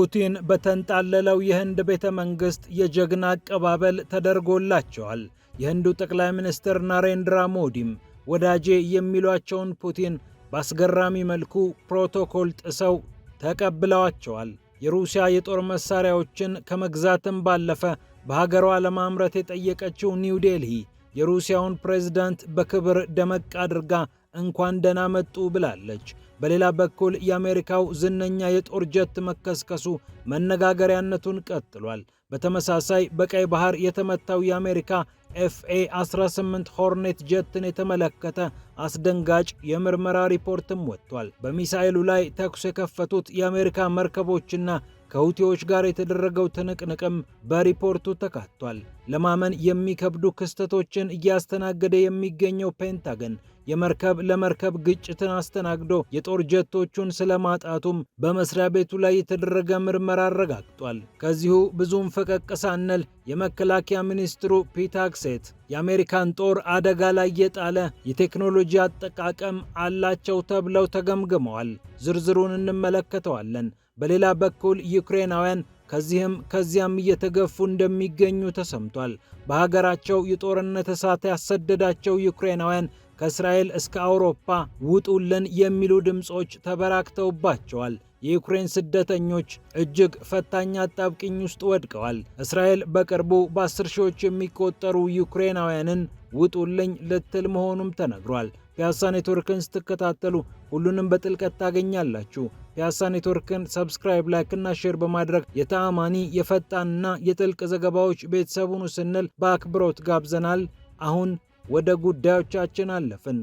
ፑቲን በተንጣለለው የህንድ ቤተ መንግሥት የጀግና አቀባበል ተደርጎላቸዋል። የህንዱ ጠቅላይ ሚኒስትር ናሬንድራ ሞዲም ወዳጄ የሚሏቸውን ፑቲን በአስገራሚ መልኩ ፕሮቶኮል ጥሰው ተቀብለዋቸዋል። የሩሲያ የጦር መሳሪያዎችን ከመግዛትም ባለፈ በሀገሯ ለማምረት የጠየቀችው ኒው ዴልሂ የሩሲያውን ፕሬዝዳንት በክብር ደመቅ አድርጋ እንኳን ደህና መጡ ብላለች። በሌላ በኩል የአሜሪካው ዝነኛ የጦር ጀት መከስከሱ መነጋገሪያነቱን ቀጥሏል። በተመሳሳይ በቀይ ባህር የተመታው የአሜሪካ ኤፍኤ 18 ሆርኔት ጀትን የተመለከተ አስደንጋጭ የምርመራ ሪፖርትም ወጥቷል። በሚሳኤሉ ላይ ተኩስ የከፈቱት የአሜሪካ መርከቦችና ከሁቲዎች ጋር የተደረገው ትንቅንቅም በሪፖርቱ ተካቷል። ለማመን የሚከብዱ ክስተቶችን እያስተናገደ የሚገኘው ፔንታገን የመርከብ ለመርከብ ግጭትን አስተናግዶ የጦር ጀቶቹን ስለማጣቱም በመስሪያ ቤቱ ላይ የተደረገ ምርመራ አረጋግጧል። ከዚሁ ብዙም ፈቀቅ ሳንል የመከላከያ ሚኒስትሩ ፒታክሴት የአሜሪካን ጦር አደጋ ላይ የጣለ የቴክኖሎጂ አጠቃቀም አላቸው ተብለው ተገምግመዋል። ዝርዝሩን እንመለከተዋለን። በሌላ በኩል ዩክሬናውያን ከዚህም ከዚያም እየተገፉ እንደሚገኙ ተሰምቷል። በሀገራቸው የጦርነት እሳት ያሰደዳቸው ዩክሬናውያን ከእስራኤል እስከ አውሮፓ ውጡልን የሚሉ ድምፆች ተበራክተውባቸዋል። የዩክሬን ስደተኞች እጅግ ፈታኝ ጣብቅኝ ውስጥ ወድቀዋል። እስራኤል በቅርቡ በአስር ሺዎች የሚቆጠሩ ዩክሬናውያንን ውጡልኝ ልትል መሆኑም ተነግሯል። ፒያሳ ኔትወርክን ስትከታተሉ ሁሉንም በጥልቀት ታገኛላችሁ። ፒያሳ ኔትወርክን ሰብስክራይብ፣ ላይክ እና ሼር በማድረግ የተአማኒ የፈጣንና የጥልቅ ዘገባዎች ቤተሰቡን ስንል በአክብሮት ጋብዘናል። አሁን ወደ ጉዳዮቻችን አለፍን።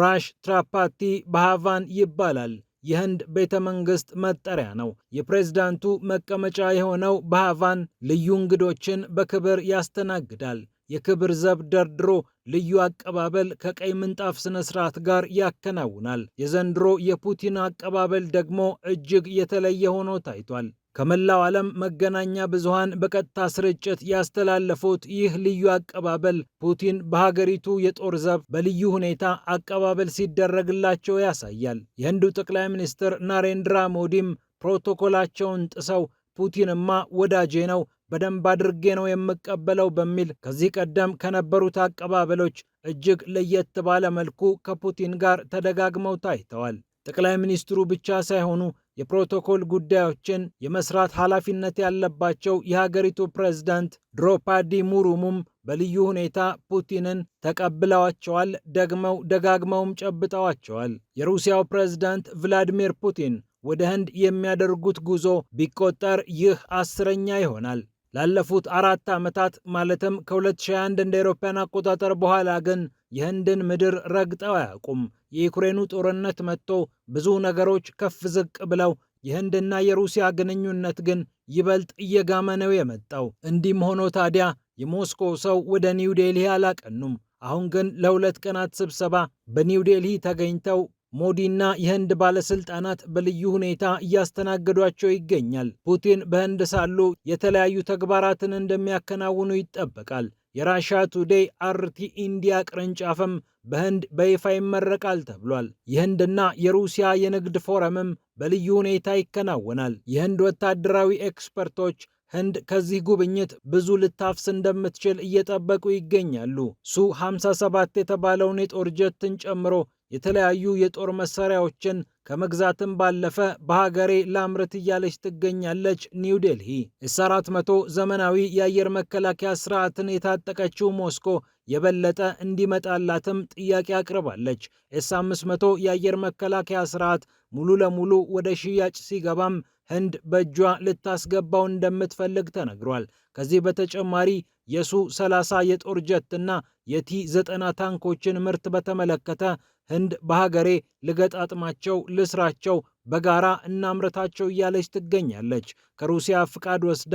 ራሽ ትራፓቲ በሃቫን ይባላል። የህንድ ቤተ መንግስት መጠሪያ ነው። የፕሬዝዳንቱ መቀመጫ የሆነው በሃቫን ልዩ እንግዶችን በክብር ያስተናግዳል። የክብር ዘብ ደርድሮ ልዩ አቀባበል ከቀይ ምንጣፍ ስነ ስርዓት ጋር ያከናውናል። የዘንድሮ የፑቲን አቀባበል ደግሞ እጅግ የተለየ ሆኖ ታይቷል። ከመላው ዓለም መገናኛ ብዙሃን በቀጥታ ስርጭት ያስተላለፉት ይህ ልዩ አቀባበል ፑቲን በሀገሪቱ የጦር ዘብ በልዩ ሁኔታ አቀባበል ሲደረግላቸው ያሳያል። የህንዱ ጠቅላይ ሚኒስትር ናሬንድራ ሞዲም ፕሮቶኮላቸውን ጥሰው ፑቲንማ ወዳጄ ነው፣ በደንብ አድርጌ ነው የምቀበለው በሚል ከዚህ ቀደም ከነበሩት አቀባበሎች እጅግ ለየት ባለ መልኩ ከፑቲን ጋር ተደጋግመው ታይተዋል። ጠቅላይ ሚኒስትሩ ብቻ ሳይሆኑ የፕሮቶኮል ጉዳዮችን የመስራት ኃላፊነት ያለባቸው የሀገሪቱ ፕሬዝዳንት ድሮፓዲ ሙሩሙም በልዩ ሁኔታ ፑቲንን ተቀብለዋቸዋል። ደግመው ደጋግመውም ጨብጠዋቸዋል። የሩሲያው ፕሬዝዳንት ቭላዲሚር ፑቲን ወደ ህንድ የሚያደርጉት ጉዞ ቢቆጠር ይህ አስረኛ ይሆናል። ላለፉት አራት ዓመታት ማለትም ከ2021 እንደ አውሮፓውያን አቆጣጠር በኋላ ግን የህንድን ምድር ረግጠው አያውቁም። የዩክሬኑ ጦርነት መጥቶ ብዙ ነገሮች ከፍ ዝቅ ብለው የህንድና የሩሲያ ግንኙነት ግን ይበልጥ እየጋመ ነው የመጣው። እንዲህም ሆኖ ታዲያ የሞስኮ ሰው ወደ ኒው ዴልሂ አላቀኑም። አሁን ግን ለሁለት ቀናት ስብሰባ በኒው ዴልሂ ተገኝተው ሞዲና የህንድ ባለስልጣናት በልዩ ሁኔታ እያስተናገዷቸው ይገኛል። ፑቲን በህንድ ሳሉ የተለያዩ ተግባራትን እንደሚያከናውኑ ይጠበቃል። የራሻ ቱዴይ አርቲ ኢንዲያ ቅርንጫፍም በህንድ በይፋ ይመረቃል ተብሏል። የህንድና የሩሲያ የንግድ ፎረምም በልዩ ሁኔታ ይከናወናል። የህንድ ወታደራዊ ኤክስፐርቶች ህንድ ከዚህ ጉብኝት ብዙ ልታፍስ እንደምትችል እየጠበቁ ይገኛሉ። ሱ 57 የተባለውን የጦር ጀትን ጨምሮ የተለያዩ የጦር መሳሪያዎችን ከመግዛትም ባለፈ በሀገሬ ላምርት እያለች ትገኛለች። ኒው ዴልሂ ኤስ 400 ዘመናዊ የአየር መከላከያ ስርዓትን የታጠቀችው ሞስኮ የበለጠ እንዲመጣላትም ጥያቄ አቅርባለች። ኤስ 500 የአየር መከላከያ ስርዓት ሙሉ ለሙሉ ወደ ሽያጭ ሲገባም ህንድ በእጇ ልታስገባው እንደምትፈልግ ተነግሯል። ከዚህ በተጨማሪ የሱ 30 የጦር ጀት እና የቲ 90 ታንኮችን ምርት በተመለከተ ህንድ በሀገሬ ልገጣጥማቸው፣ ልስራቸው፣ በጋራ እናምረታቸው እያለች ትገኛለች። ከሩሲያ ፍቃድ ወስዳ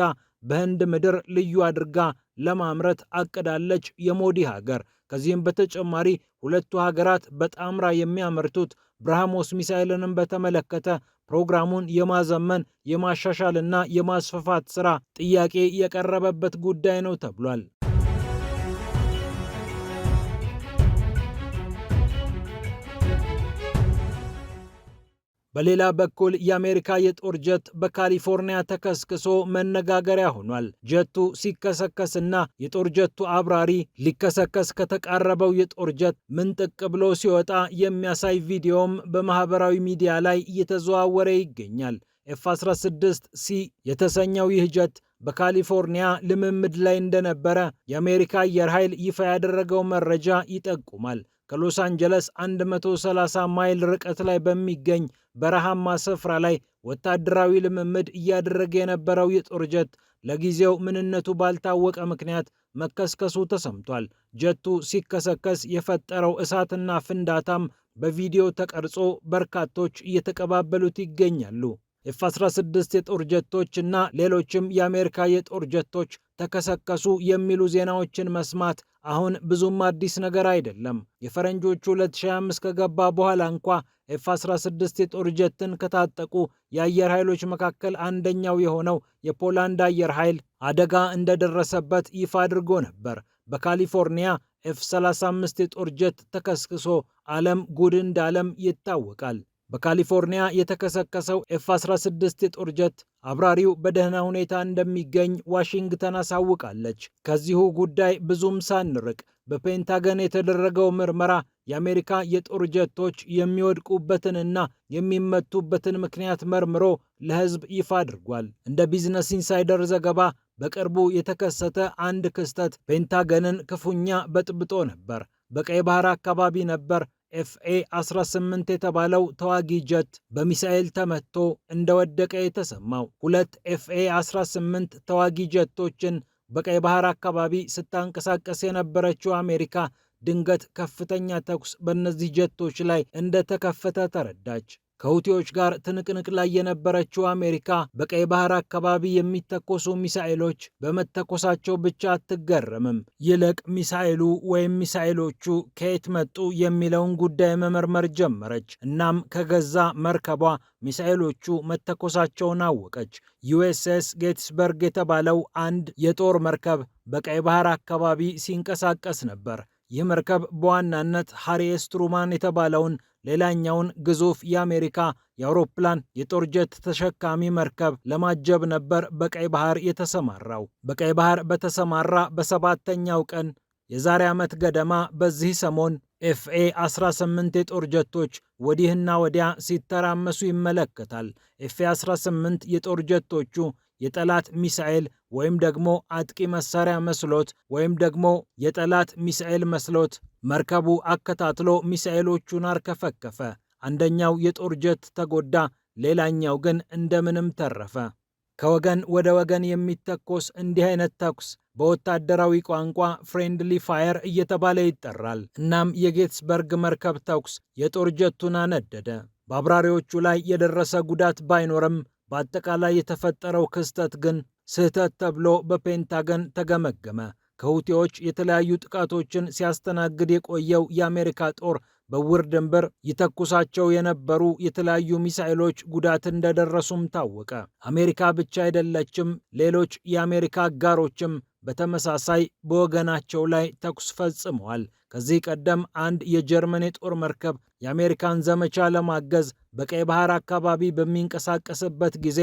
በህንድ ምድር ልዩ አድርጋ ለማምረት አቅዳለች የሞዲ ሀገር። ከዚህም በተጨማሪ ሁለቱ ሀገራት በጣምራ የሚያመርቱት ብርሃሞስ ሚሳይልንም በተመለከተ ፕሮግራሙን የማዘመን የማሻሻልና የማስፋፋት ስራ ጥያቄ የቀረበበት ጉዳይ ነው ተብሏል። በሌላ በኩል የአሜሪካ የጦር ጀት በካሊፎርኒያ ተከስክሶ መነጋገሪያ ሆኗል። ጀቱ ሲከሰከስና የጦር ጀቱ አብራሪ ሊከሰከስ ከተቃረበው የጦር ጀት ምንጥቅ ብሎ ሲወጣ የሚያሳይ ቪዲዮም በማህበራዊ ሚዲያ ላይ እየተዘዋወረ ይገኛል። ኤፍ 16 ሲ የተሰኘው ይህ ጀት በካሊፎርኒያ ልምምድ ላይ እንደነበረ የአሜሪካ አየር ኃይል ይፋ ያደረገው መረጃ ይጠቁማል። ከሎስ አንጀለስ 130 ማይል ርቀት ላይ በሚገኝ በረሃማ ስፍራ ላይ ወታደራዊ ልምምድ እያደረገ የነበረው የጦር ጀት ለጊዜው ምንነቱ ባልታወቀ ምክንያት መከስከሱ ተሰምቷል። ጀቱ ሲከሰከስ የፈጠረው እሳትና ፍንዳታም በቪዲዮ ተቀርጾ በርካቶች እየተቀባበሉት ይገኛሉ። ኤፍ 16 የጦር ጀቶች እና ሌሎችም የአሜሪካ የጦር ጀቶች ተከሰከሱ የሚሉ ዜናዎችን መስማት አሁን ብዙም አዲስ ነገር አይደለም። የፈረንጆቹ 2025 ከገባ በኋላ እንኳ ኤፍ 16 የጦር ጀትን ከታጠቁ የአየር ኃይሎች መካከል አንደኛው የሆነው የፖላንድ አየር ኃይል አደጋ እንደደረሰበት ይፋ አድርጎ ነበር። በካሊፎርኒያ ኤፍ 35 የጦር ጀት ተከስክሶ ዓለም ጉድ እንዳለም ይታወቃል። በካሊፎርኒያ የተከሰከሰው ኤፍ 16 የጦር ጀት አብራሪው በደህና ሁኔታ እንደሚገኝ ዋሽንግተን አሳውቃለች። ከዚሁ ጉዳይ ብዙም ሳንርቅ በፔንታገን የተደረገው ምርመራ የአሜሪካ የጦር ጀቶች የሚወድቁበትንና የሚመቱበትን ምክንያት መርምሮ ለሕዝብ ይፋ አድርጓል። እንደ ቢዝነስ ኢንሳይደር ዘገባ በቅርቡ የተከሰተ አንድ ክስተት ፔንታገንን ክፉኛ በጥብጦ ነበር። በቀይ ባህር አካባቢ ነበር ኤፍኤ 18 የተባለው ተዋጊ ጀት በሚሳኤል ተመቶ እንደወደቀ የተሰማው ሁለት ኤፍኤ 18 ተዋጊ ጀቶችን በቀይ ባህር አካባቢ ስታንቀሳቀስ የነበረችው አሜሪካ ድንገት ከፍተኛ ተኩስ በእነዚህ ጀቶች ላይ እንደተከፈተ ተረዳች። ከሁቲዎች ጋር ትንቅንቅ ላይ የነበረችው አሜሪካ በቀይ ባህር አካባቢ የሚተኮሱ ሚሳኤሎች በመተኮሳቸው ብቻ አትገረምም። ይልቅ ሚሳኤሉ ወይም ሚሳኤሎቹ ከየት መጡ የሚለውን ጉዳይ መመርመር ጀመረች። እናም ከገዛ መርከቧ ሚሳኤሎቹ መተኮሳቸውን አወቀች። ዩኤስኤስ ጌትስበርግ የተባለው አንድ የጦር መርከብ በቀይ ባህር አካባቢ ሲንቀሳቀስ ነበር። ይህ መርከብ በዋናነት ሃሪኤስ ትሩማን የተባለውን ሌላኛውን ግዙፍ የአሜሪካ የአውሮፕላን የጦር ጀት ተሸካሚ መርከብ ለማጀብ ነበር በቀይ ባህር የተሰማራው። በቀይ ባህር በተሰማራ በሰባተኛው ቀን የዛሬ ዓመት ገደማ በዚህ ሰሞን ኤፍኤ 18 የጦር ጀቶች ወዲህና ወዲያ ሲተራመሱ ይመለከታል። ኤፍኤ 18 የጦር ጀቶቹ የጠላት ሚሳኤል ወይም ደግሞ አጥቂ መሳሪያ መስሎት ወይም ደግሞ የጠላት ሚሳኤል መስሎት መርከቡ አከታትሎ ሚሳኤሎቹን አርከፈከፈ። አንደኛው የጦር ጀት ተጎዳ፣ ሌላኛው ግን እንደምንም ተረፈ። ከወገን ወደ ወገን የሚተኮስ እንዲህ አይነት ተኩስ በወታደራዊ ቋንቋ ፍሬንድሊ ፋየር እየተባለ ይጠራል። እናም የጌትስበርግ መርከብ ተኩስ የጦር ጀቱን አነደደ። በአብራሪዎቹ ላይ የደረሰ ጉዳት ባይኖርም በአጠቃላይ የተፈጠረው ክስተት ግን ስህተት ተብሎ በፔንታገን ተገመገመ። ከሁቲዎች የተለያዩ ጥቃቶችን ሲያስተናግድ የቆየው የአሜሪካ ጦር በውር ድንበር ይተኩሳቸው የነበሩ የተለያዩ ሚሳይሎች ጉዳት እንደደረሱም ታወቀ። አሜሪካ ብቻ አይደለችም፣ ሌሎች የአሜሪካ አጋሮችም በተመሳሳይ በወገናቸው ላይ ተኩስ ፈጽመዋል። ከዚህ ቀደም አንድ የጀርመን የጦር መርከብ የአሜሪካን ዘመቻ ለማገዝ በቀይ ባህር አካባቢ በሚንቀሳቀስበት ጊዜ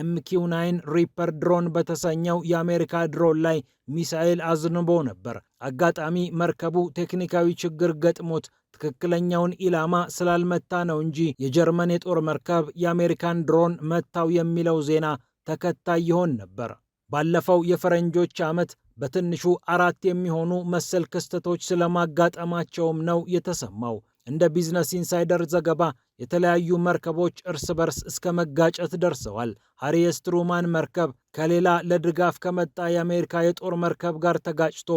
ኤምኪው ናይን ሪፐር ድሮን በተሰኘው የአሜሪካ ድሮን ላይ ሚሳኤል አዝንቦ ነበር። አጋጣሚ መርከቡ ቴክኒካዊ ችግር ገጥሞት ትክክለኛውን ኢላማ ስላልመታ ነው እንጂ የጀርመን የጦር መርከብ የአሜሪካን ድሮን መታው የሚለው ዜና ተከታይ ይሆን ነበር። ባለፈው የፈረንጆች ዓመት በትንሹ አራት የሚሆኑ መሰል ክስተቶች ስለማጋጠማቸውም ነው የተሰማው። እንደ ቢዝነስ ኢንሳይደር ዘገባ የተለያዩ መርከቦች እርስ በርስ እስከ መጋጨት ደርሰዋል። ሃሪየስ መርከብ ከሌላ ለድጋፍ ከመጣ የአሜሪካ የጦር መርከብ ጋር ተጋጭቶ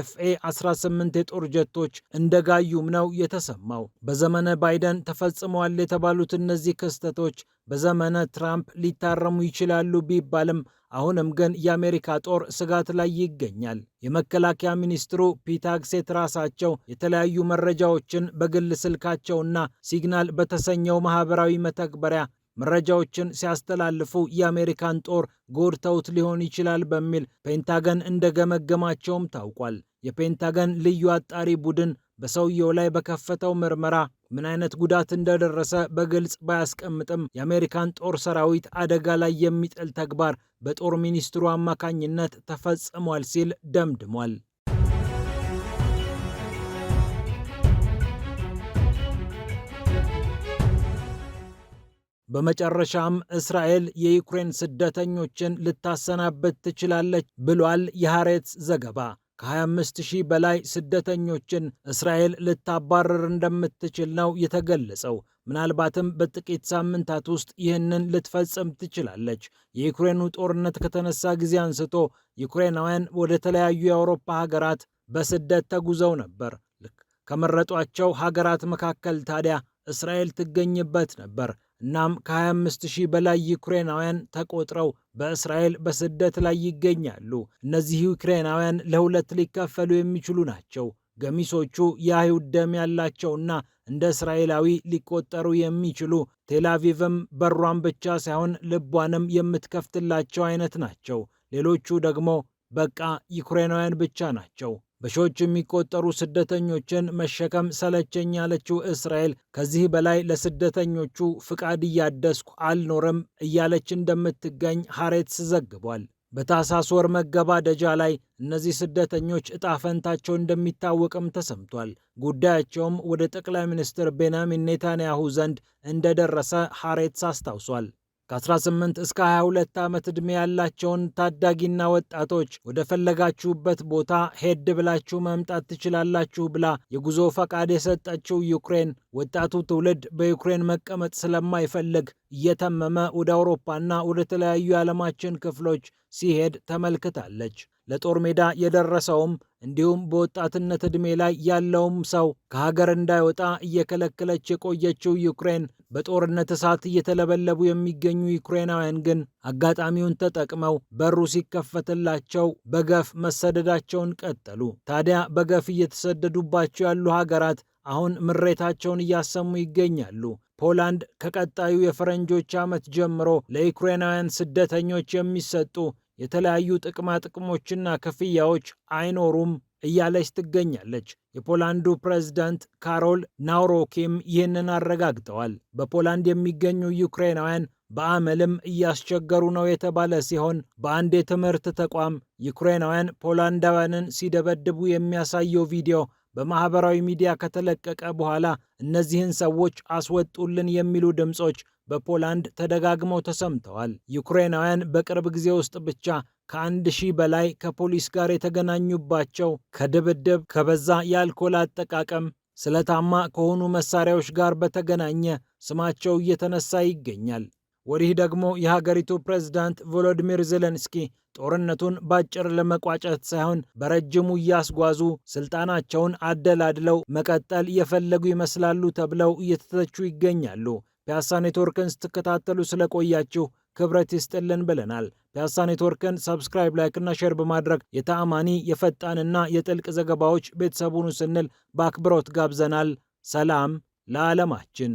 ኤፍኤ 18 የጦር ጀቶች እንደጋዩም ነው የተሰማው። በዘመነ ባይደን ተፈጽመዋል የተባሉት እነዚህ ክስተቶች በዘመነ ትራምፕ ሊታረሙ ይችላሉ ቢባልም አሁንም ግን የአሜሪካ ጦር ስጋት ላይ ይገኛል። የመከላከያ ሚኒስትሩ ፒታክሴት ራሳቸው የተለያዩ መረጃዎችን በግል ስልካቸውና ሲግናል በተሰኘው ማህበራዊ መተግበሪያ መረጃዎችን ሲያስተላልፉ የአሜሪካን ጦር ጎድተውት ሊሆን ይችላል በሚል ፔንታገን እንደገመገማቸውም ታውቋል። የፔንታገን ልዩ አጣሪ ቡድን በሰውየው ላይ በከፈተው ምርመራ ምን አይነት ጉዳት እንደደረሰ በግልጽ ባያስቀምጥም የአሜሪካን ጦር ሰራዊት አደጋ ላይ የሚጥል ተግባር በጦር ሚኒስትሩ አማካኝነት ተፈጽሟል ሲል ደምድሟል። በመጨረሻም እስራኤል የዩክሬን ስደተኞችን ልታሰናበት ትችላለች ብሏል የሐሬት ዘገባ። ከ25 ሺህ በላይ ስደተኞችን እስራኤል ልታባረር እንደምትችል ነው የተገለጸው። ምናልባትም በጥቂት ሳምንታት ውስጥ ይህንን ልትፈጽም ትችላለች። የዩክሬኑ ጦርነት ከተነሳ ጊዜ አንስቶ ዩክሬናውያን ወደ ተለያዩ የአውሮፓ ሀገራት በስደት ተጉዘው ነበር። ከመረጧቸው ሀገራት መካከል ታዲያ እስራኤል ትገኝበት ነበር። እናም ከ25 ሺህ በላይ ዩክሬናውያን ተቆጥረው በእስራኤል በስደት ላይ ይገኛሉ። እነዚህ ዩክሬናውያን ለሁለት ሊከፈሉ የሚችሉ ናቸው። ገሚሶቹ የአይሁድ ደም ያላቸውና እንደ እስራኤላዊ ሊቆጠሩ የሚችሉ ቴላቪቭም በሯን ብቻ ሳይሆን ልቧንም የምትከፍትላቸው አይነት ናቸው። ሌሎቹ ደግሞ በቃ ዩክሬናውያን ብቻ ናቸው። በሺዎች የሚቆጠሩ ስደተኞችን መሸከም ሰለቸኝ ያለችው እስራኤል ከዚህ በላይ ለስደተኞቹ ፍቃድ እያደስኩ አልኖርም እያለች እንደምትገኝ ሐሬትስ ዘግቧል። በታህሳስ ወር መገባደጃ ላይ እነዚህ ስደተኞች እጣፈንታቸው ፈንታቸው እንደሚታወቅም ተሰምቷል። ጉዳያቸውም ወደ ጠቅላይ ሚኒስትር ቤንያሚን ኔታንያሁ ዘንድ እንደደረሰ ሐሬትስ አስታውሷል። ከ18 እስከ 22 ዓመት ዕድሜ ያላቸውን ታዳጊና ወጣቶች ወደ ፈለጋችሁበት ቦታ ሄድ ብላችሁ መምጣት ትችላላችሁ ብላ የጉዞ ፈቃድ የሰጠችው ዩክሬን ወጣቱ ትውልድ በዩክሬን መቀመጥ ስለማይፈልግ እየተመመ ወደ አውሮፓና ወደ ተለያዩ የዓለማችን ክፍሎች ሲሄድ ተመልክታለች። ለጦር ሜዳ የደረሰውም እንዲሁም በወጣትነት ዕድሜ ላይ ያለውም ሰው ከሀገር እንዳይወጣ እየከለከለች የቆየችው ዩክሬን በጦርነት እሳት እየተለበለቡ የሚገኙ ዩክሬናውያን ግን አጋጣሚውን ተጠቅመው በሩ ሲከፈትላቸው በገፍ መሰደዳቸውን ቀጠሉ። ታዲያ በገፍ እየተሰደዱባቸው ያሉ ሀገራት አሁን ምሬታቸውን እያሰሙ ይገኛሉ። ፖላንድ ከቀጣዩ የፈረንጆች ዓመት ጀምሮ ለዩክሬናውያን ስደተኞች የሚሰጡ የተለያዩ ጥቅማ ጥቅሞችና ክፍያዎች አይኖሩም እያለች ትገኛለች። የፖላንዱ ፕሬዝዳንት ካሮል ናውሮኪም ይህንን አረጋግጠዋል። በፖላንድ የሚገኙ ዩክሬናውያን በአመልም እያስቸገሩ ነው የተባለ ሲሆን በአንድ የትምህርት ተቋም ዩክሬናውያን ፖላንዳውያንን ሲደበድቡ የሚያሳየው ቪዲዮ በማህበራዊ ሚዲያ ከተለቀቀ በኋላ እነዚህን ሰዎች አስወጡልን የሚሉ ድምፆች በፖላንድ ተደጋግመው ተሰምተዋል። ዩክሬናውያን በቅርብ ጊዜ ውስጥ ብቻ ከአንድ ሺህ በላይ ከፖሊስ ጋር የተገናኙባቸው ከድብድብ፣ ከበዛ የአልኮል አጠቃቀም፣ ስለታማ ከሆኑ መሳሪያዎች ጋር በተገናኘ ስማቸው እየተነሳ ይገኛል። ወዲህ ደግሞ የሀገሪቱ ፕሬዝዳንት ቮሎዲሚር ዜሌንስኪ ጦርነቱን ባጭር ለመቋጨት ሳይሆን በረጅሙ እያስጓዙ ስልጣናቸውን አደላድለው መቀጠል የፈለጉ ይመስላሉ ተብለው እየተተቹ ይገኛሉ። ፒያሳ ኔትወርክን ስትከታተሉ ስለቆያችሁ ክብረት ይስጥልን ብለናል። ፒያሳ ኔትወርክን ሰብስክራይብ፣ ላይክና ሼር በማድረግ የተአማኒ የፈጣንና የጥልቅ ዘገባዎች ቤተሰቡን ስንል በአክብሮት ጋብዘናል። ሰላም ለዓለማችን።